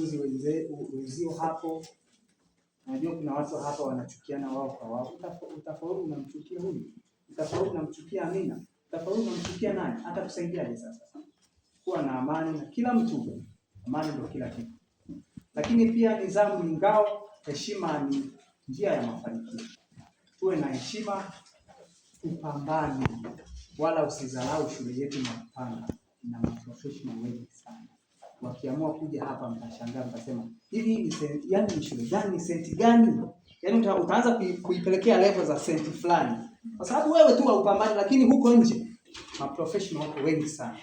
wanafunzi wenzio hapo. Najua kuna watu hapa wanachukiana wao kwa wao. Utafaulu unamchukia huyu, utafaulu unamchukia Amina, utafaulu unamchukia nani? Atakusaidiaje sasa? Kuwa na amani na kila mtu, amani ndio kila kitu. Lakini pia nidhamu ni ngao, heshima ni njia ya mafanikio. Tuwe na heshima, tupambane, wala usidharau shule yetu Makipanga na maprofessional mkiamua kuja hapa mtashangaa, mtasema hivi ni senti, yani ni shule gani? senti gani? Yani utaanza kuipelekea level za senti fulani, kwa sababu wewe tu haupambani, lakini huko nje ma professional wako wengi sana.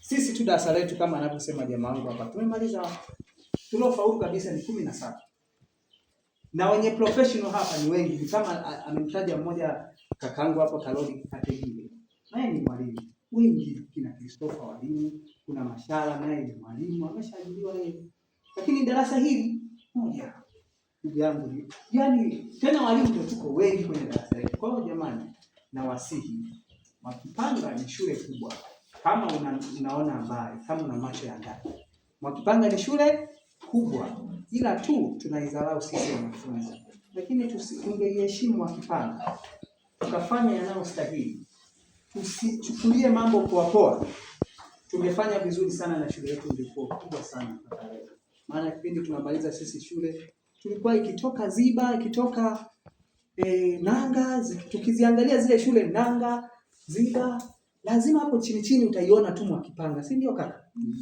Sisi tu darasa letu kama anavyosema jamaa wangu hapa, tumemaliza tulofaulu kabisa ni kumi na saba na wenye professional hapa ni wengi, kama amemtaja mmoja kakaangu hapo Karoli Kategile, naye ni mwalimu wengi, kina Kristofa walimu, kuna Mashala naye ni mwalimu ameshaajiliwa yeye, lakini darasa hili moja ndugu yangu, yani tena walimu ndio tuko wengi kwenye darasa hili. Kwa hiyo jamani, nawasihi Mwakipanga ni shule kubwa, kama una, unaona mbali, kama una macho ya ndani, Mwakipanga ni shule kubwa, ila tu tunaidharau sisi wanafunzi, lakini tungeiheshimu Mwakipanga tukafanya yanayostahili tusichukulie mambo poapoa poa. Tumefanya vizuri sana na shule yetu ilikuwa kubwa sana, maana kipindi tunamaliza sisi shule tulikuwa ikitoka Ziba ikitoka e, Nanga, tukiziangalia zile shule Nanga, Ziba, lazima hapo chini chini utaiona tu Mwakipanga, si ndio kaka?